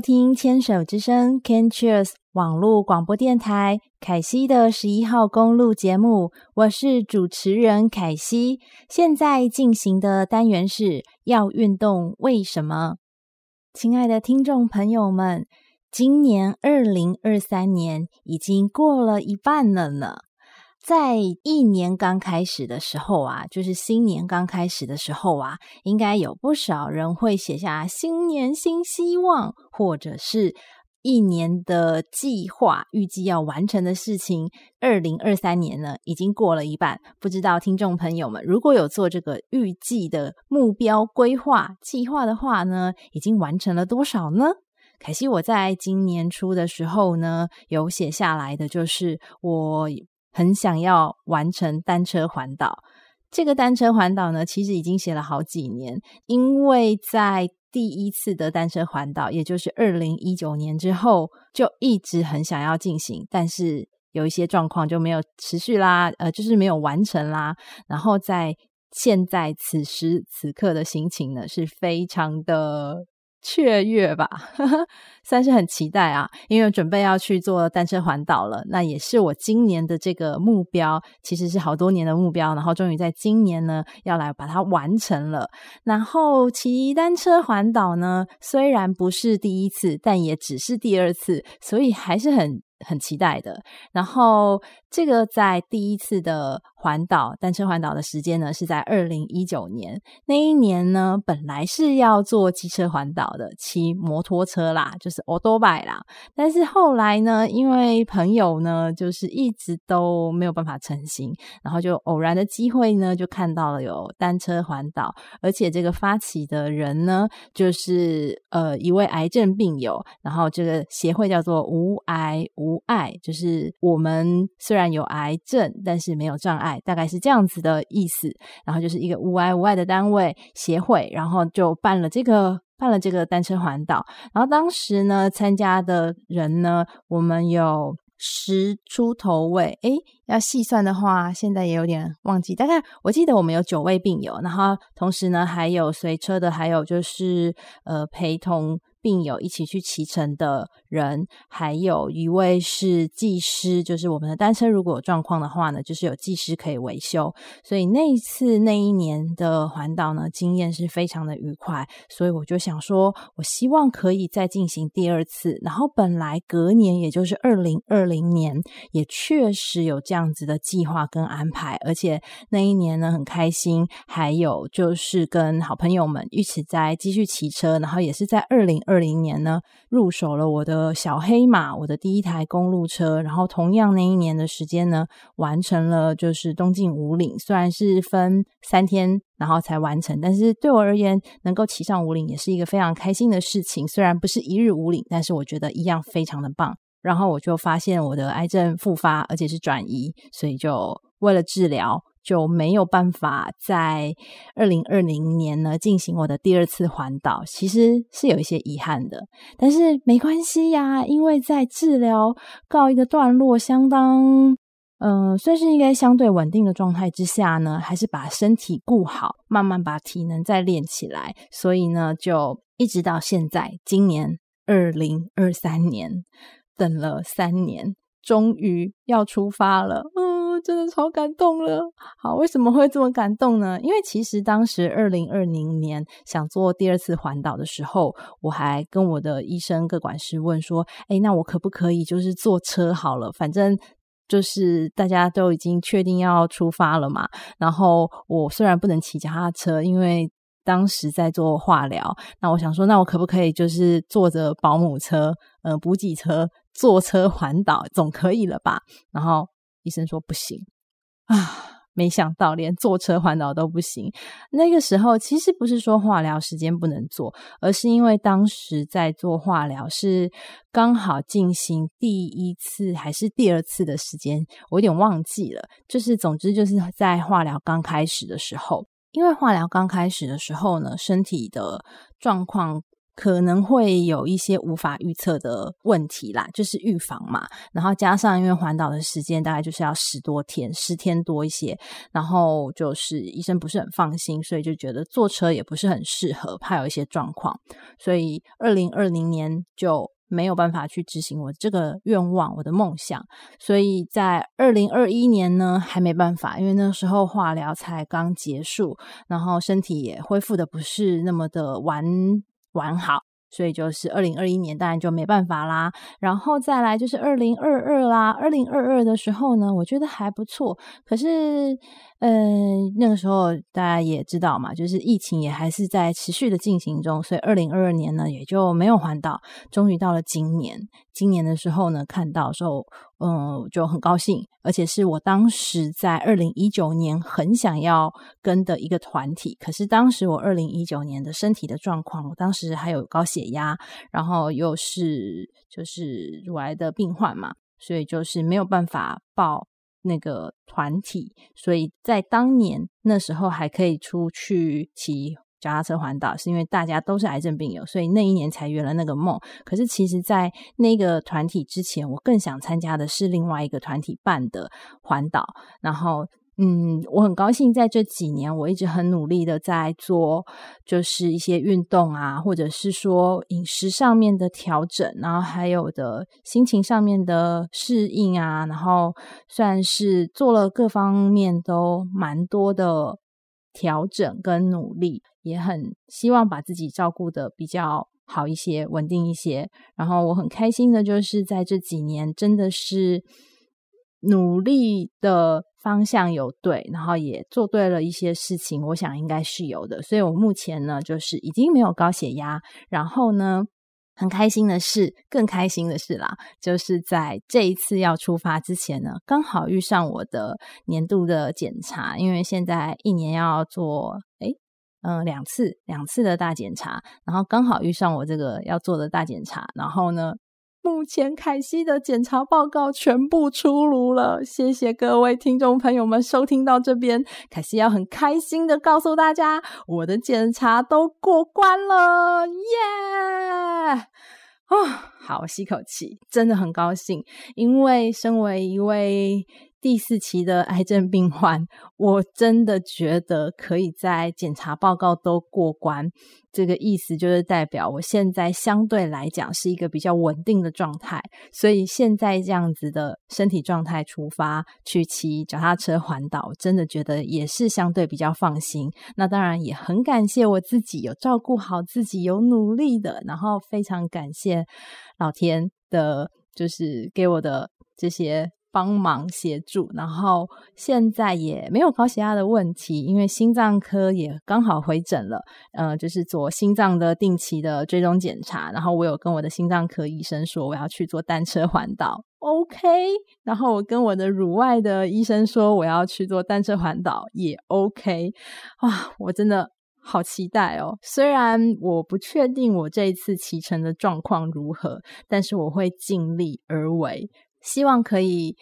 聽牽手之聲 （Can c h o e s 網絡廣播電臺凱西的十一號公路節目，我是主持人凱西。現在進行的單元是要運動，為什麼？親愛的聽眾朋友們，今年二零二三年已經過了一半了呢。在一年剛開始的時候啊，就是新年剛開始的時候啊，應該有不少人會寫下新年新希望，或者是一年的計劃，預計要完成的事情。二零二三年呢，已經過了一半，不知道聽眾朋友們如果有做這個預計的目標規劃計劃的話呢，已經完成了多少呢？可惜我在今年初的時候呢，有寫下來的就是我。很想要完成單車環島，這個單車環島呢，其實已經想了好幾年，因為在第一次的單車環島，也就是二零一九年之後，就一直很想要進行，但是有一些狀況就沒有持續啦，呃，就是沒有完成啦。然後在現在此時此刻的心情呢，是非常的，雀躍吧， 算是很期待啊，因為準備要去做單車環島了。那也是我今年的這個目標，其實是好多年的目標，然後終於在今年呢要來把它完成了。然後騎單車環島呢，雖然不是第一次，但也只是第二次，所以還是很很期待的。然後這個在第一次的。環島，單車環島的時間呢是在二零一九年，那一年呢，本來是要做機車環島的，騎摩托車啦，就是歐兜邁啦。但是後來呢，因為朋友呢，就是一直都沒有辦法成行，然後就偶然的機會呢，就看到了有單車環島，而且這個發起的人呢，就是呃一位癌症病友，然後這個協會叫做無癌無礙，就是我們雖然有癌症，但是沒有障礙。大概是這樣子的意思，然後就是一個無礙無礙的單位協會，然後就辦了這個辦了這個單車環島，然後當時呢參加的人呢，我們有十出頭位，誒，要細算的話，現在也有點忘記，大概我記得我們有九位病友，然後同時呢還有隨車的，還有就是呃陪同。並有一起去騎乘的人，還有一位是技師，就是我們的單車如果有狀況的話呢，就是有技師可以維修。所以那一次那一年的環島呢，經驗是非常的愉快。所以我就想說，我希望可以再進行第二次。然後本來隔年，也就是二零二零年，也確實有這樣子的計劃跟安排，而且那一年呢很開心，還有就是跟好朋友們一起再繼續騎車，然後也是在二零。二零年呢，入手了我的小黑馬，我的第一台公路車。然後同樣那一年的時間呢，完成了就是東進武嶺，雖然是分三天，然後才完成，但是對我而言，能夠騎上武嶺也是一個非常開心的事情。雖然不是一日武嶺，但是我覺得一樣非常的棒。然後我就發現我的癌症復發，而且是轉移，所以就為了治療。就沒有辦法在二零二零年呢進行我的第二次環島，其實是有一些遺憾的。但是沒關係呀、啊，因為在治療告一個段落，相當嗯，算、呃、是應該相對穩定的狀態之下呢，還是把身體顧好，慢慢把體能再練起來。所以呢，就一直到現在，今年二零二三年，等了三年，終於要出發了。真的超感動了。好，為什麼會這麼感動呢？因為其實當時二零二零年想做第二次環島的時候，我還跟我的醫生、個管師問說：“哎、欸，那我可不可以就是坐車好了？反正就是大家都已經確定要出發了嘛。然後我雖然不能騎腳踏車，因為當時在做化療。那我想說，那我可不可以就是坐着保姆車、嗯、呃、補給車坐車環島，總可以了吧？然後。”醫生說不行啊！沒想到連坐車環島都不行。那個時候其實不是說化療時間不能做，而是因為當時在做化療是剛好進行第一次還是第二次的時間，我有點忘記了。就是總之就是在化療剛開始的時候，因為化療剛開始的時候呢，身體的狀況。可能會有一些無法預測的問題啦，就是預防嘛。然後加上因為環島的時間大概就是要十多天，十天多一些。然後就是醫生不是很放心，所以就覺得坐車也不是很適合，怕有一些狀況。所以二零二零年就沒有辦法去執行我這個願望，我的夢想。所以在二零二一年呢，還沒辦法，因為那時候化療才剛結束，然後身體也恢復的不是那麼的完。完好，所以就是二零二一年，當然就沒辦法啦。然後再來就是二零二二啦，二零二二的時候呢，我覺得還不錯。可是，嗯、呃，那個時候大家也知道嘛，就是疫情也還是在持續的進行中，所以二零二二年呢也就沒有環島。終於到了今年，今年的時候呢，看到說。嗯，就很高興，而且是我當時在二零一九年很想要跟的一個團體。可是當時我二零一九年的身體的狀況，我當時還有高血壓，然後又是就是乳癌的病患嘛，所以就是沒有辦法報那個團體。所以在當年那時候還可以出去騎。腳踏車環島是因為大家都是癌症病友，所以那一年才圓了那個夢。可是其實，在那個團體之前，我更想參加的是另外一個團體辦的環島。然後，嗯，我很高興在這幾年，我一直很努力的在做，就是一些運動啊，或者是說飲食上面的調整，然後還有的心情上面的適應啊。然後算是做了各方面都蠻多的。調整跟努力，也很希望把自己照顧得比較好一些，穩定一些。然後我很開心的就是在這幾年，真的是努力的方向有對，然後也做對了一些事情。我想應該是有的，所以我目前呢，就是已經沒有高血壓，然後呢。很開心的事，更開心的事啦，就是在這一次要出發之前呢，剛好遇上我的年度的檢查，因為現在一年要做，誒，嗯，呃，兩次，兩次的大檢查，然後剛好遇上我這個要做的大檢查，然後呢。目前凱西的檢查報告全部出爐了，謝謝各位聽眾朋友們收聽到這邊。凱西要很開心的告訴大家，我的檢查都過關了，耶！啊，好，我吸口氣，真的很高興，因為身為一位。第四期的癌症病患，我真的覺得可以在檢查報告都過關，這個意思就是代表我現在相對來講是一個比較穩定的狀態。所以現在這樣子的身體狀態出發去騎腳踏車環島，我真的覺得也是相對比較放心。那當然也很感謝我自己有照顧好自己，有努力的，然後非常感謝老天的，就是給我的這些。幫忙協助，然後現在也沒有高血壓的問題，因為心臟科也剛好回診了，嗯、呃，就是做心臟的定期的追蹤檢查。然後我有跟我的心臟科醫生說，我要去做單車環島，OK。然後我跟我的乳外的醫生說，我要去做單車環島也 OK。啊，我真的好期待哦！雖然我不確定我這一次騎乘的狀況如何，但是我會盡力而為。希望可以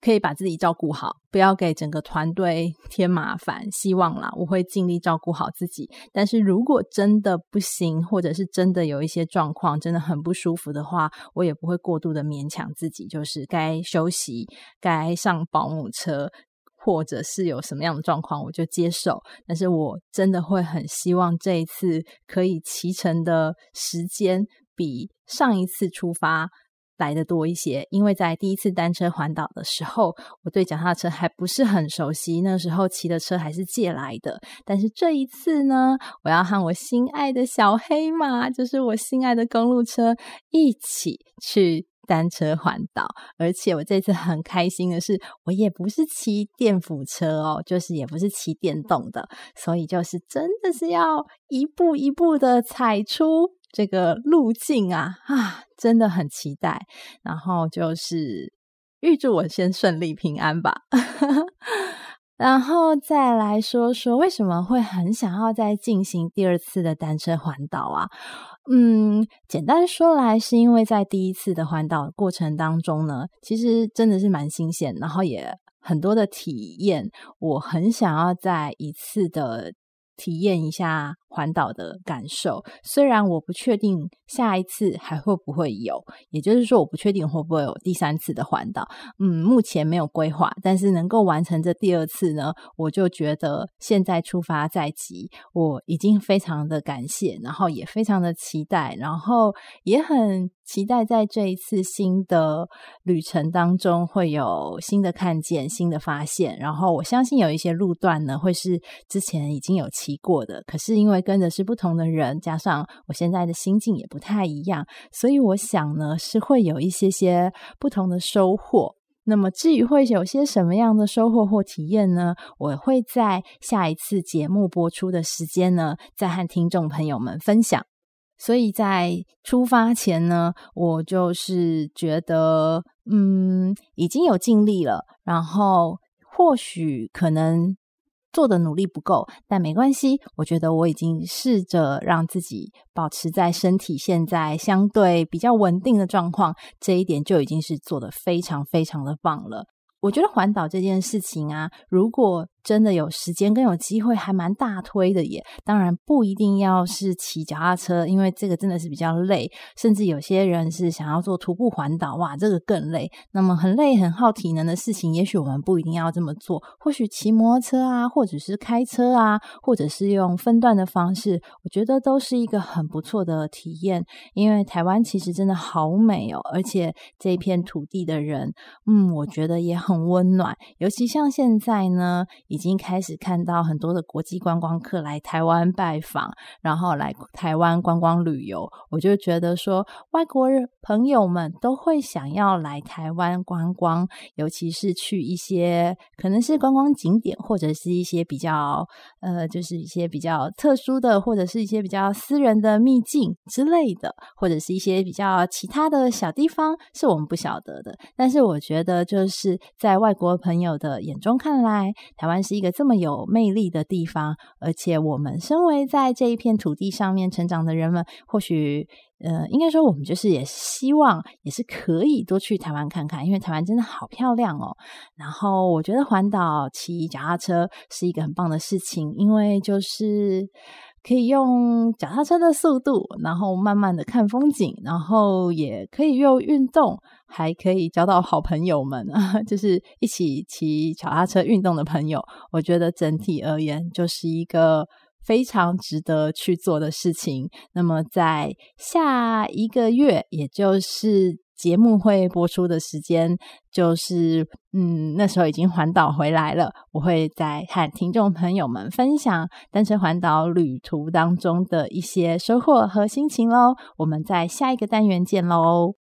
可以把自己照顧好，不要給整個團隊添麻煩。希望啦，我會盡力照顧好自己。但是如果真的不行，或者是真的有一些狀況，真的很不舒服的話，我也不會過度的勉強自己。就是該休息，該上保姆車，或者是有什麼樣的狀況，我就接受。但是我真的會很希望這一次可以騎乘的時間比上一次出發。來得多一些，因為在第一次單車環島的時候，我對腳踏車還不是很熟悉，那時候騎的車還是借來的。但是這一次呢，我要和我心愛的小黑馬，就是我心愛的公路車，一起去單車環島。而且我這次很開心的是，我也不是騎電輔車哦，就是也不是騎電動的，所以就是真的是要一步一步的踩出。這個路徑啊啊，真的很期待。然後就是預祝我先順利平安吧。 然後再來說說為什麼會很想要再進行第二次的單車環島啊？嗯，簡單說來，是因為在第一次的環島的過程當中呢，其實真的是蠻新鮮，然後也很多的體驗，我很想要再一次的體驗一下環島的感受，雖然我不確定下一次還會不會有，也就是說我不確定會不會有第三次的環島。嗯，目前沒有規劃，但是能夠完成這第二次呢，我就覺得現在出發在即，我已經非常的感謝，然後也非常的期待，然後也很期待在這一次新的旅程當中會有新的看見、新的發現。然後我相信有一些路段呢，會是之前已經有騎過的，可是因為跟的是不同的人，加上我現在的心境也不太一樣，所以我想呢，是會有一些些不同的收穫。那麼至於會有些什麼樣的收穫或體驗呢？我會在下一次節目播出的時間呢，再和聽眾朋友們分享。所以在出發前呢，我就是覺得，嗯，已經有盡力了，然後或許可能。做的努力不夠，但沒關係。我覺得我已經試着讓自己保持在身體現在相對比較穩定的狀況，這一點就已經是做得非常非常的棒了。我覺得環島這件事情啊，如果真的有時間跟有機會，還蠻大推的耶。當然不一定要是騎腳踏車，因為這個真的是比較累。甚至有些人是想要做徒步環島，哇，這個更累。那麼很累很耗體能的事情，也許我們不一定要這麼做。或許騎摩托車啊，或者是開車啊，或者是用分段的方式，我覺得都是一個很不錯的體驗。因為台灣其實真的好美哦，而且這片土地的人，嗯，我覺得也很溫暖。尤其像現在呢。已經開始看到很多的國際觀光客來台灣拜訪，然後來台灣觀光旅遊。我就覺得說，外國人朋友們都會想要來台灣觀光，尤其是去一些可能是觀光景點，或者是一些比較呃，就是一些比較特殊的，或者是一些比較私人的秘境之類的，或者是一些比較其他的小地方，是我們不曉得的。但是我覺得，就是在外國朋友的眼中看來，台灣是。是一個這麼有魅力的地方，而且我們身為在這一片土地上面成長的人們，或許呃，應該說我們就是也希望，也是可以多去台灣看看，因為台灣真的好漂亮哦。然後我覺得環島騎腳踏車是一個很棒的事情，因為就是。可以用腳踏車的速度，然後慢慢的看風景，然後也可以用運動，還可以交到好朋友們啊，就是一起騎腳踏車運動的朋友。我覺得整體而言，就是一個非常值得去做的事情。那麼在下一個月，也就是。節目會播出的時間就是，嗯，那時候已經環島回來了，我會再和聽眾朋友們分享單車環島旅途當中的一些收穫和心情嘍。我們在下一個單元見嘍。